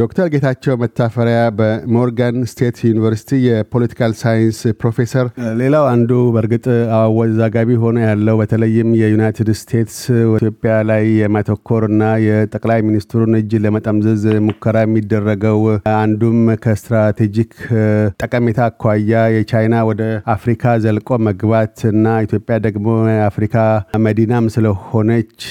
ዶክተር ጌታቸው መታፈሪያ በሞርጋን ስቴት ዩኒቨርሲቲ የፖለቲካል ሳይንስ ፕሮፌሰር። ሌላው አንዱ በእርግጥ አወዛጋቢ ሆነ ያለው በተለይም የዩናይትድ ስቴትስ ኢትዮጵያ ላይ ና የጠቅላይ ሚኒስትሩን እጅ ለመጠምዘዝ ሙከራ የሚደረገው አንዱም ከስትራቴጂክ ጠቀሜታ አኳያ የቻይና ወደ አፍሪካ ዘልቆ መግባት እና ኢትዮጵያ ደግሞ የአፍሪካ መዲናም ስለሆነች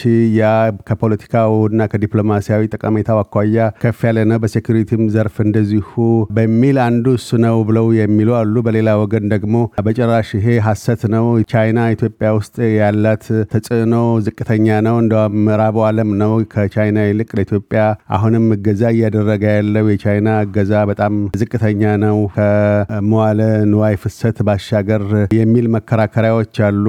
ያ ከፖለቲካው እና ከዲፕሎማሲያዊ ጠቀሜታው አኳያ ከፍ ያለ እና በሴኩሪቲም ዘርፍ እንደዚሁ በሚል አንዱ እሱ ነው ብለው የሚሉ አሉ። በሌላ ወገን ደግሞ በጭራሽ ይሄ ሀሰት ነው፣ ቻይና ኢትዮጵያ ውስጥ ያላት ተጽዕኖ ዝቅተኛ ነው፣ እንደውም ምዕራቡ ዓለም ነው ከቻይና ይልቅ ለኢትዮጵያ አሁንም እገዛ እያደረገ ያለው የቻይና እገዛ በጣም ዝቅተኛ ነው ከመዋለ ንዋይ ፍሰት ባሻገር የሚል መከራከሪያዎች አሉ።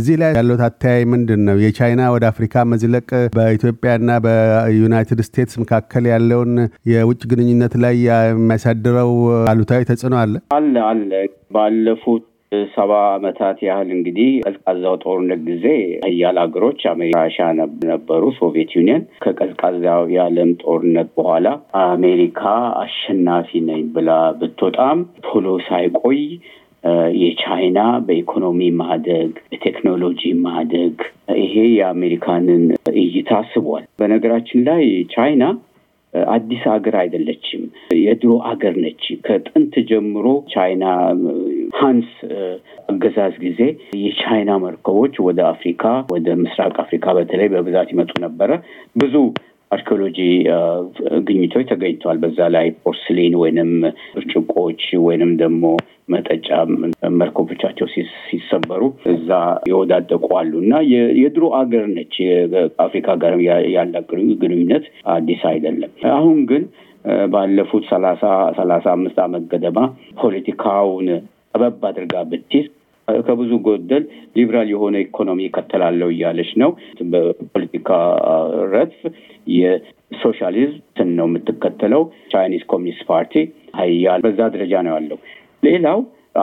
እዚህ ላይ ያለው አተያይ ምንድን ነው? የቻይና ወደ አፍሪካ መዝለቅ በኢትዮጵያና በዩናይትድ ስቴትስ መካከል ያለውን የውጭ ግንኙነት ላይ የሚያሳድረው አሉታዊ ተጽዕኖ አለ አለ አለ ባለፉት ሰባ ዓመታት ያህል እንግዲህ ቀዝቃዛው ጦርነት ጊዜ ሀያል ሀገሮች አሜሪካሻ ነበሩ፣ ሶቪየት ዩኒየን። ከቀዝቃዛው የዓለም ጦርነት በኋላ አሜሪካ አሸናፊ ነኝ ብላ ብትወጣም ቶሎ ሳይቆይ የቻይና በኢኮኖሚ ማደግ፣ በቴክኖሎጂ ማደግ ይሄ የአሜሪካንን እይታ ስቧል። በነገራችን ላይ ቻይና አዲስ ሀገር አይደለችም። የድሮ ሀገር ነች። ከጥንት ጀምሮ ቻይና ሀንስ አገዛዝ ጊዜ የቻይና መርከቦች ወደ አፍሪካ፣ ወደ ምስራቅ አፍሪካ በተለይ በብዛት ይመጡ ነበረ ብዙ አርኪኦሎጂ ግኝቶች ተገኝተዋል። በዛ ላይ ፖርስሊን ወይንም ብርጭቆች ወይንም ደግሞ መጠጫ መርኮቦቻቸው ሲሰበሩ እዛ የወዳደቁ አሉ እና የድሮ አገር ነች። አፍሪካ ጋር ያላት ግንኙነት አዲስ አይደለም። አሁን ግን ባለፉት ሰላሳ ሰላሳ አምስት ዓመት ገደማ ፖለቲካውን ጠበብ አድርጋ ብትይዝ ከብዙ ጎደል ሊብራል የሆነ ኢኮኖሚ ይከተላለው እያለች ነው። የፖለቲካ ረድፍ የሶሻሊዝም ነው የምትከተለው። ቻይኒዝ ኮሚኒስት ፓርቲ ሀያል በዛ ደረጃ ነው ያለው። ሌላው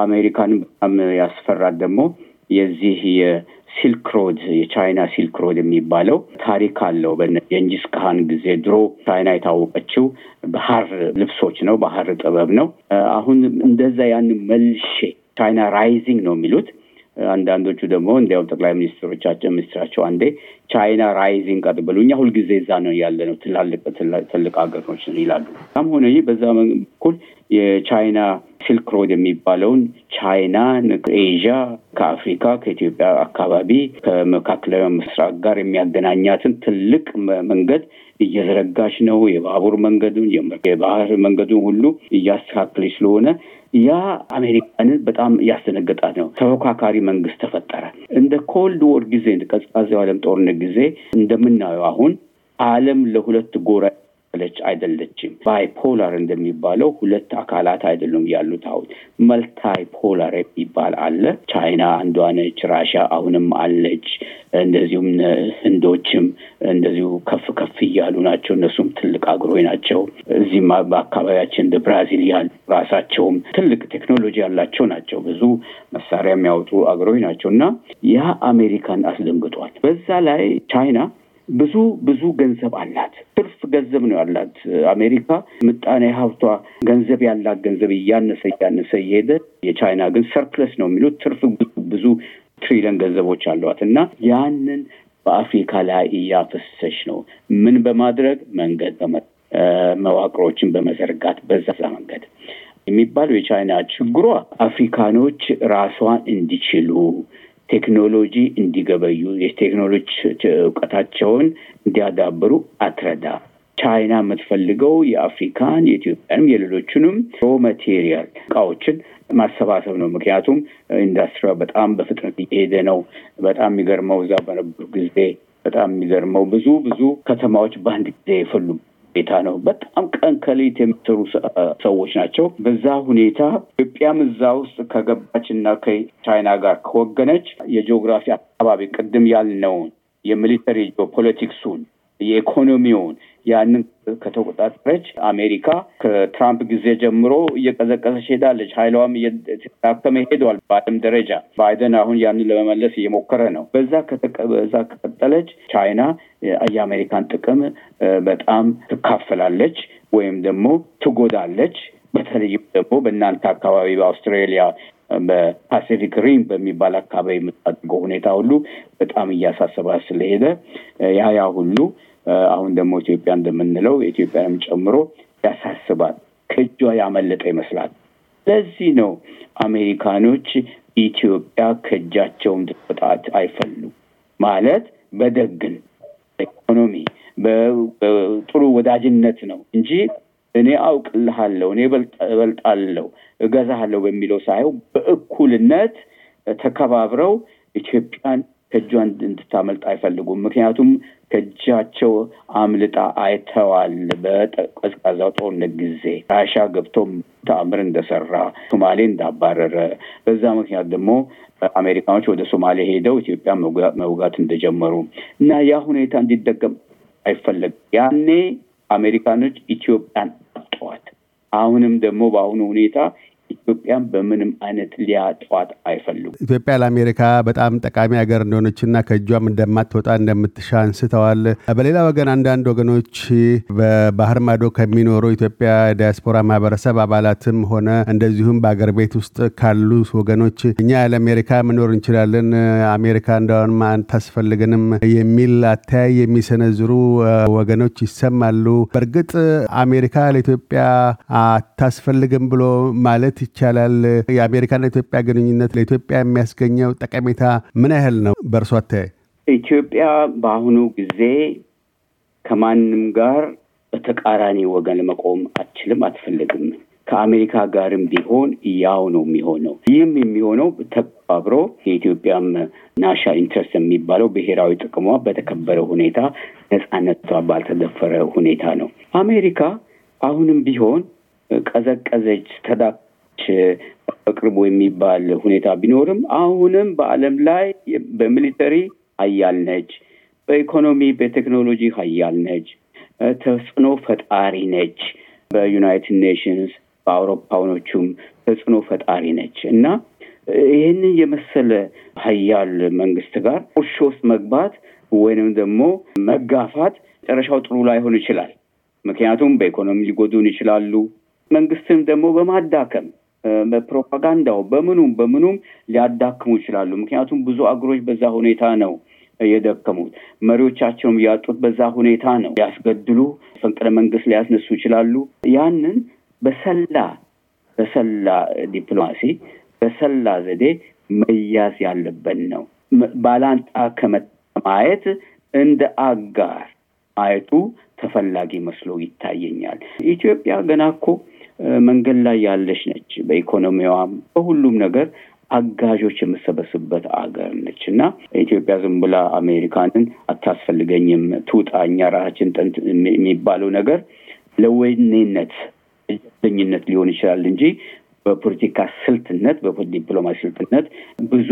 አሜሪካን በጣም ያስፈራት ደግሞ የዚህ ሲልክ ሮድ የቻይና ሲልክ ሮድ የሚባለው ታሪክ አለው። የእንጂስ ካህን ጊዜ ድሮ ቻይና የታወቀችው ባህር ልብሶች ነው፣ ባህር ጥበብ ነው። አሁን እንደዛ ያን መልሼ ቻይና ራይዚንግ ነው የሚሉት አንዳንዶቹ ደግሞ እንዲያው ጠቅላይ ሚኒስትሮቻቸው ሚኒስትራቸው አንዴ ቻይና ራይዚንግ አትበሉ እኛ ሁልጊዜ እዛ ነው ያለ ነው ትላልቅ ትልቅ ሀገሮች ይላሉ። ም ሆነ በዛ በኩል የቻይና ሲልክ ሮድ የሚባለውን ቻይና፣ ኤዥያ ከአፍሪካ ከኢትዮጵያ አካባቢ ከመካከላዊ ምስራቅ ጋር የሚያገናኛትን ትልቅ መንገድ እየዘረጋች ነው። የባቡር መንገዱን የባህር መንገዱን ሁሉ እያስተካከለች ስለሆነ ያ አሜሪካንን በጣም ያስደነገጣት ነው። ተፎካካሪ መንግስት ተፈጠረ። እንደ ኮልድ ወር ጊዜ እንደ ቀዝቃዛው ዓለም ጦርነት ጊዜ እንደምናየው አሁን ዓለም ለሁለት ጎራ የተከፋፈለች አይደለችም። ባይፖላር እንደሚባለው ሁለት አካላት አይደሉም ያሉት። አሁን መልታይ ፖላር የሚባል አለ። ቻይና አንዷ ነች፣ ራሽያ አሁንም አለች። እንደዚሁም ህንዶችም እንደዚሁ ከፍ ከፍ እያሉ ናቸው። እነሱም ትልቅ አገሮች ናቸው። እዚህም በአካባቢያችን እንደ ብራዚል ያሉ ራሳቸውም ትልቅ ቴክኖሎጂ ያላቸው ናቸው። ብዙ መሳሪያ የሚያወጡ አገሮች ናቸው እና ያ አሜሪካን አስደንግጧል። በዛ ላይ ቻይና ብዙ ብዙ ገንዘብ አላት። ትርፍ ገንዘብ ነው ያላት አሜሪካ። ምጣኔ ሀብቷ ገንዘብ ያላት ገንዘብ እያነሰ እያነሰ እየሄደ የቻይና ግን ሰርፕለስ ነው የሚሉት ትርፍ ብዙ ትሪሊዮን ገንዘቦች አሏት እና ያንን በአፍሪካ ላይ እያፈሰሽ ነው። ምን በማድረግ መንገድ መዋቅሮችን በመዘርጋት በዛ መንገድ የሚባለው የቻይና ችግሯ አፍሪካኖች ራሷን እንዲችሉ ቴክኖሎጂ እንዲገበዩ የቴክኖሎጂ እውቀታቸውን እንዲያዳብሩ አትረዳ ቻይና የምትፈልገው የአፍሪካን፣ የኢትዮጵያንም የሌሎችንም ሮ ማቴሪያል እቃዎችን ማሰባሰብ ነው። ምክንያቱም ኢንዱስትሪ በጣም በፍጥነት እየሄደ ነው። በጣም የሚገርመው እዛ በነበሩ ጊዜ በጣም የሚገርመው ብዙ ብዙ ከተማዎች በአንድ ጊዜ የፈሉ ሁኔታ ነው። በጣም ቀን ከሌት የሚሰሩ ሰዎች ናቸው። በዛ ሁኔታ ኢትዮጵያም እዛ ውስጥ ከገባች እና ከቻይና ጋር ከወገነች የጂኦግራፊ አካባቢ ቅድም ያልነውን የሚሊተሪ ጂኦፖለቲክሱን የኢኮኖሚውን ያንን ከተቆጣጠረች አሜሪካ ከትራምፕ ጊዜ ጀምሮ እየቀዘቀዘች ሄዳለች። ኃይሏም እየተዳከመ ሄዷል በዓለም ደረጃ። ባይደን አሁን ያንን ለመመለስ እየሞከረ ነው። በዛ በዛ ከቀጠለች ቻይና የአሜሪካን ጥቅም በጣም ትካፈላለች ወይም ደግሞ ትጎዳለች። በተለይም ደግሞ በእናንተ አካባቢ በአውስትራሊያ በፓሲፊክ ሪም በሚባል አካባቢ የምታደርገው ሁኔታ ሁሉ በጣም እያሳሰባ ስለሄደ ያ ያ ሁሉ አሁን ደግሞ ኢትዮጵያ እንደምንለው የኢትዮጵያንም ጨምሮ ያሳስባል ከእጇ ያመለጠ ይመስላል። ለዚህ ነው አሜሪካኖች ኢትዮጵያ ከእጃቸው እንድትወጣት አይፈሉ ማለት በደግን ኢኮኖሚ ጥሩ ወዳጅነት ነው እንጂ እኔ አውቅልሃለሁ፣ እኔ እበልጣለሁ፣ እገዛሃለሁ በሚለው ሳይሆን በእኩልነት ተከባብረው ኢትዮጵያን ከእጇን እንድታመልጥ አይፈልጉም። ምክንያቱም ከእጃቸው አምልጣ አይተዋል። በቀዝቃዛው ጦርነት ጊዜ ራሻ ገብቶም ተአምር እንደሰራ፣ ሶማሌ እንዳባረረ፣ በዛ ምክንያት ደግሞ አሜሪካኖች ወደ ሶማሌ ሄደው ኢትዮጵያ መውጋት እንደጀመሩ እና ያ ሁኔታ እንዲደገም አይፈለግም። ያኔ አሜሪካኖች ኢትዮጵያን ተቀምጠዋል። አሁንም ደግሞ በአሁኑ ሁኔታ ኢትዮጵያን በምንም አይነት ሊያጧት አይፈልጉም። ኢትዮጵያ ለአሜሪካ በጣም ጠቃሚ ሀገር እንደሆነችና ከእጇም እንደማትወጣ እንደምትሻ አንስተዋል። በሌላ ወገን አንዳንድ ወገኖች በባህር ማዶ ከሚኖሩ ኢትዮጵያ ዲያስፖራ ማህበረሰብ አባላትም ሆነ እንደዚሁም በአገር ቤት ውስጥ ካሉ ወገኖች እኛ ያለ አሜሪካ መኖር እንችላለን፣ አሜሪካ እንደሆንም አታስፈልግንም የሚል አተያይ የሚሰነዝሩ ወገኖች ይሰማሉ። በእርግጥ አሜሪካ ለኢትዮጵያ አታስፈልግም ብሎ ማለት ማለት ይቻላል? የአሜሪካና ኢትዮጵያ ግንኙነት ለኢትዮጵያ የሚያስገኘው ጠቀሜታ ምን ያህል ነው በእርሶ አተያይ? ኢትዮጵያ በአሁኑ ጊዜ ከማንም ጋር በተቃራኒ ወገን መቆም አትችልም፣ አትፈልግም። ከአሜሪካ ጋርም ቢሆን ያው ነው የሚሆነው። ይህም የሚሆነው ተባብሮ የኢትዮጵያም ናሽናል ኢንትረስት የሚባለው ብሔራዊ ጥቅሟ በተከበረ ሁኔታ፣ ነጻነቷ ባልተደፈረ ሁኔታ ነው። አሜሪካ አሁንም ቢሆን ቀዘቀዘች፣ ተዳ በቅርቡ የሚባል ሁኔታ ቢኖርም አሁንም በዓለም ላይ በሚሊተሪ ሀያል ነች፣ በኢኮኖሚ በቴክኖሎጂ ሀያል ነች፣ ተጽዕኖ ፈጣሪ ነች። በዩናይትድ ኔሽንስ በአውሮፓውኖቹም ተጽዕኖ ፈጣሪ ነች እና ይህንን የመሰለ ሀያል መንግስት ጋር ቁርሾ ውስጥ መግባት ወይንም ደግሞ መጋፋት መጨረሻው ጥሩ ላይሆን ይችላል። ምክንያቱም በኢኮኖሚ ሊጎዱን ይችላሉ። መንግስትም ደግሞ በማዳከም በፕሮፓጋንዳው በምኑም በምኑም ሊያዳክሙ ይችላሉ። ምክንያቱም ብዙ አገሮች በዛ ሁኔታ ነው የደከሙት። መሪዎቻቸውም ያጡት በዛ ሁኔታ ነው። ሊያስገድሉ፣ ፈንቅለ መንግስት ሊያስነሱ ይችላሉ። ያንን በሰላ በሰላ ዲፕሎማሲ በሰላ ዘዴ መያዝ ያለብን ነው። ባላንጣ ከመጣ ማየት እንደ አጋር ማየቱ ተፈላጊ መስሎ ይታየኛል። ኢትዮጵያ ገና እኮ መንገድ ላይ ያለች ነች። በኢኮኖሚዋም በሁሉም ነገር አጋዦች የምሰበስብበት አገር ነች እና ኢትዮጵያ ዝም ብላ አሜሪካንን አታስፈልገኝም ትውጣ እኛ ራሳችን ጥንት የሚባለው ነገር ለወኔነት ጀብደኝነት ሊሆን ይችላል እንጂ በፖለቲካ ስልትነት በዲፕሎማሲ ስልትነት ብዙ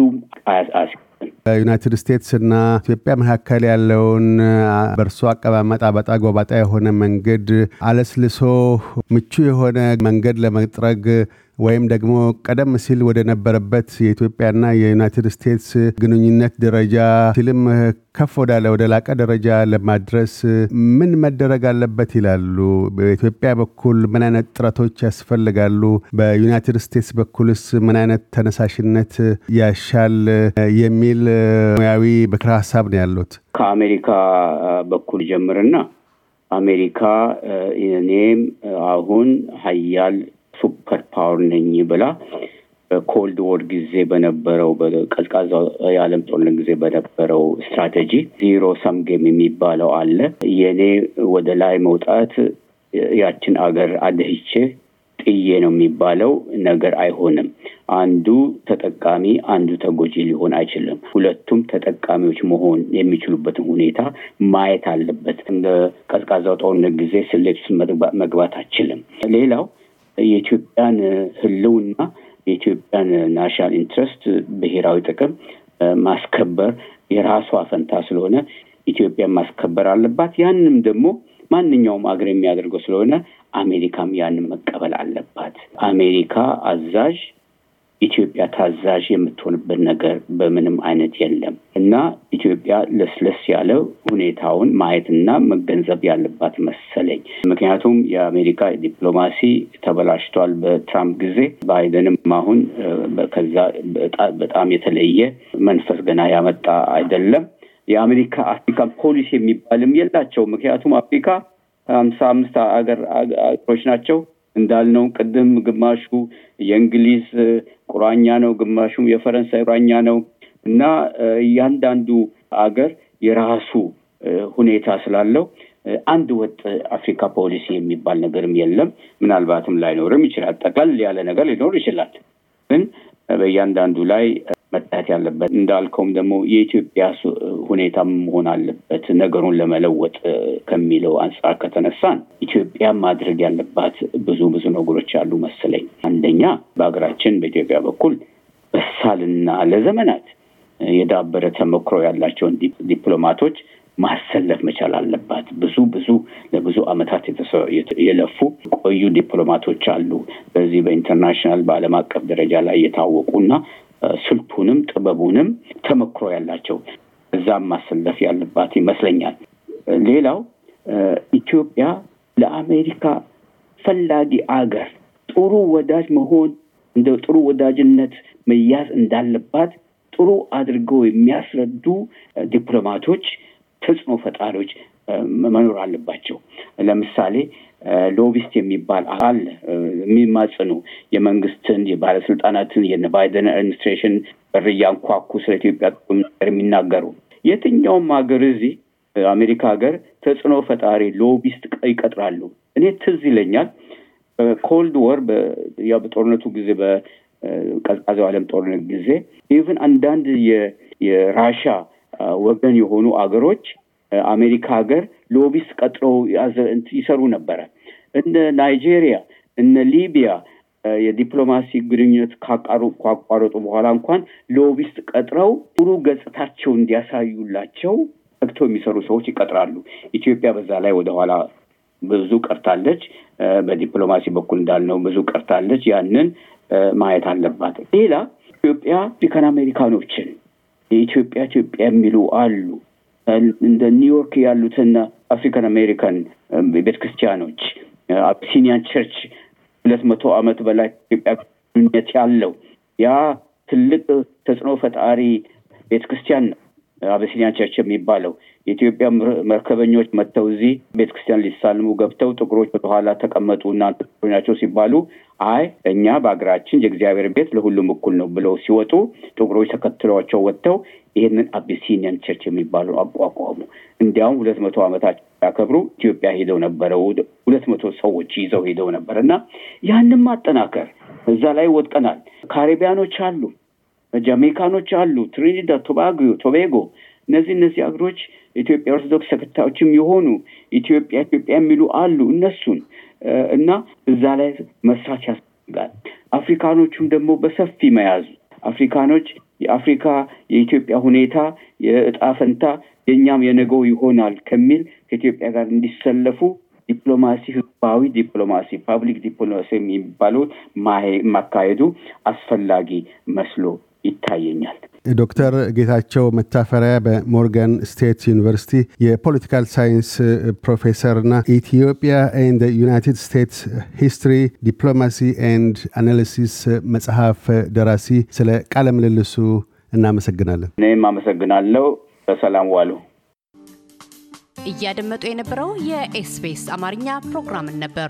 በዩናይትድ ስቴትስ እና ኢትዮጵያ መካከል ያለውን በእርሶ አቀማመጥ አበጣ ጎባጣ የሆነ መንገድ አለስልሶ ምቹ የሆነ መንገድ ለመጥረግ ወይም ደግሞ ቀደም ሲል ወደ ነበረበት የኢትዮጵያና የዩናይትድ ስቴትስ ግንኙነት ደረጃ ሲልም ከፍ ወዳለ ወደ ላቀ ደረጃ ለማድረስ ምን መደረግ አለበት ይላሉ? በኢትዮጵያ በኩል ምን አይነት ጥረቶች ያስፈልጋሉ? በዩናይትድ ስቴትስ በኩልስ ምን አይነት ተነሳሽነት ያሻል? የሚል ሙያዊ ምክረ ሀሳብ ነው ያሉት። ከአሜሪካ በኩል ጀምርና አሜሪካ እኔም አሁን ሀያል ሱፐር ፓወር ነኝ ብላ በኮልድ ወር ጊዜ በነበረው በቀዝቃዛ የዓለም ጦርነት ጊዜ በነበረው ስትራቴጂ ዚሮ ሰም ጌም የሚባለው አለ። የእኔ ወደ ላይ መውጣት ያችን አገር አደህቼ ጥዬ ነው የሚባለው ነገር አይሆንም። አንዱ ተጠቃሚ አንዱ ተጎጂ ሊሆን አይችልም። ሁለቱም ተጠቃሚዎች መሆን የሚችሉበትን ሁኔታ ማየት አለበት። እንደ ቀዝቃዛው ጦርነት ጊዜ ስሌት መግባት አችልም። ሌላው የኢትዮጵያን ህልውና የኢትዮጵያን ናሽናል ኢንትረስት ብሔራዊ ጥቅም ማስከበር የራሷ ፈንታ ስለሆነ ኢትዮጵያ ማስከበር አለባት። ያንም ደግሞ ማንኛውም አገር የሚያደርገው ስለሆነ አሜሪካም ያንን መቀበል አለባት። አሜሪካ አዛዥ ኢትዮጵያ ታዛዥ የምትሆንበት ነገር በምንም አይነት የለም እና ኢትዮጵያ ለስለስ ያለ ሁኔታውን ማየትና መገንዘብ ያለባት መሰለኝ። ምክንያቱም የአሜሪካ ዲፕሎማሲ ተበላሽቷል በትራምፕ ጊዜ። ባይደንም አሁን ከዛ በጣም የተለየ መንፈስ ገና ያመጣ አይደለም። የአሜሪካ አፍሪካ ፖሊሲ የሚባልም የላቸው። ምክንያቱም አፍሪካ ሀምሳ አምስት ሀገሮች ናቸው። እንዳልነው ቅድም ግማሹ የእንግሊዝ ቁራኛ ነው፣ ግማሹም የፈረንሳይ ቁራኛ ነው እና እያንዳንዱ አገር የራሱ ሁኔታ ስላለው አንድ ወጥ አፍሪካ ፖሊሲ የሚባል ነገርም የለም። ምናልባትም ላይኖርም ይችላል። ጠቅለል ያለ ነገር ሊኖር ይችላል ግን በእያንዳንዱ ላይ መታየት ያለበት እንዳልከውም ደግሞ የኢትዮጵያ ሁኔታ መሆን አለበት። ነገሩን ለመለወጥ ከሚለው አንጻር ከተነሳን ኢትዮጵያ ማድረግ ያለባት ብዙ ብዙ ነገሮች አሉ መሰለኝ። አንደኛ በሀገራችን በኢትዮጵያ በኩል በሳልና ለዘመናት የዳበረ ተመክሮ ያላቸውን ዲፕሎማቶች ማሰለፍ መቻል አለባት። ብዙ ብዙ ለብዙ ዓመታት የለፉ ቆዩ ዲፕሎማቶች አሉ። በዚህ በኢንተርናሽናል በዓለም አቀፍ ደረጃ ላይ የታወቁ እና ስልቱንም ጥበቡንም ተመክሮ ያላቸው እዛም ማሰለፍ ያለባት ይመስለኛል። ሌላው ኢትዮጵያ ለአሜሪካ ፈላጊ አገር ጥሩ ወዳጅ መሆን እንደ ጥሩ ወዳጅነት መያዝ እንዳለባት ጥሩ አድርገው የሚያስረዱ ዲፕሎማቶች፣ ተጽዕኖ ፈጣሪዎች መኖር አለባቸው። ለምሳሌ ሎቢስት የሚባል አለ የሚማጽኑ የመንግስትን፣ የባለስልጣናትን፣ የነ ባይደን አድሚኒስትሬሽን በር እያንኳኩ ስለ ኢትዮጵያ ጥቅም ነገር የሚናገሩ የትኛውም ሀገር እዚህ አሜሪካ ሀገር ተጽዕኖ ፈጣሪ ሎቢስት ይቀጥራሉ። እኔ ትዝ ይለኛል በኮልድ ወር ያው በጦርነቱ ጊዜ በቀዝቃዜው ዓለም ጦርነት ጊዜ ኢቨን አንዳንድ የራሻ ወገን የሆኑ አገሮች አሜሪካ ሀገር ሎቢስ ቀጥሮ ይሰሩ ነበረ። እነ ናይጄሪያ፣ እነ ሊቢያ የዲፕሎማሲ ግንኙነት ካቋረጡ በኋላ እንኳን ሎቢስት ቀጥረው ጥሩ ገጽታቸው እንዲያሳዩላቸው ተግቶ የሚሰሩ ሰዎች ይቀጥራሉ። ኢትዮጵያ በዛ ላይ ወደኋላ ብዙ ቀርታለች። በዲፕሎማሲ በኩል እንዳልነው ብዙ ቀርታለች። ያንን ማየት አለባት። ሌላ ኢትዮጵያ አፍሪካን አሜሪካኖችን የኢትዮጵያ ኢትዮጵያ የሚሉ አሉ። እንደ ኒውዮርክ ያሉትን አፍሪካን አሜሪካን ቤተ ክርስቲያኖች አቢሲኒያን ቸርች ሁለት መቶ ዓመት በላይ ኢትዮጵያ ግንኙነት ያለው ያ ትልቅ ተጽዕኖ ፈጣሪ ቤተ ክርስቲያን ነው። አበሲኒያ ቸርች የሚባለው የኢትዮጵያ መርከበኞች መጥተው እዚህ ቤተክርስቲያን ሊሳልሙ ገብተው ጥቁሮች ወደኋላ ተቀመጡ እና ናቸው ሲባሉ አይ እኛ በሀገራችን የእግዚአብሔር ቤት ለሁሉም እኩል ነው ብለው ሲወጡ ጥቁሮች ተከትሏቸው ወጥተው ይህንን አቢሲኒያን ቸርች የሚባሉ አቋቋሙ። እንዲያውም ሁለት መቶ ዓመታቸው ያከብሩ ኢትዮጵያ ሄደው ነበረ። ሁለት መቶ ሰዎች ይዘው ሄደው ነበር እና ያንም ማጠናከር እዛ ላይ ወጥቀናል። ካሪቢያኖች አሉ ጃሜካኖች አሉ፣ ትሪኒዳ ቶባጎ፣ ቶቤጎ እነዚህ እነዚህ ሀገሮች ኢትዮጵያ ኦርቶዶክስ ተከታዮችም የሆኑ ኢትዮጵያ ኢትዮጵያ የሚሉ አሉ። እነሱን እና እዛ ላይ መስራት ያስፈልጋል። አፍሪካኖቹም ደግሞ በሰፊ መያዙ አፍሪካኖች የአፍሪካ የኢትዮጵያ ሁኔታ የእጣ ፈንታ የእኛም የነገው ይሆናል ከሚል ከኢትዮጵያ ጋር እንዲሰለፉ ዲፕሎማሲ፣ ህዝባዊ ዲፕሎማሲ፣ ፓብሊክ ዲፕሎማሲ የሚባለው ማካሄዱ አስፈላጊ መስሎ ይታየኛል። ዶክተር ጌታቸው መታፈሪያ በሞርጋን ስቴት ዩኒቨርሲቲ የፖለቲካል ሳይንስ ፕሮፌሰርና ኢትዮጵያ ኤንድ ዩናይትድ ስቴትስ ሂስትሪ ዲፕሎማሲ ኤንድ አናሊሲስ መጽሐፍ ደራሲ፣ ስለ ቃለ ምልልሱ እናመሰግናለን። እኔም አመሰግናለሁ። በሰላም ዋሉ። እያደመጡ የነበረው የኤስቢኤስ አማርኛ ፕሮግራምን ነበር።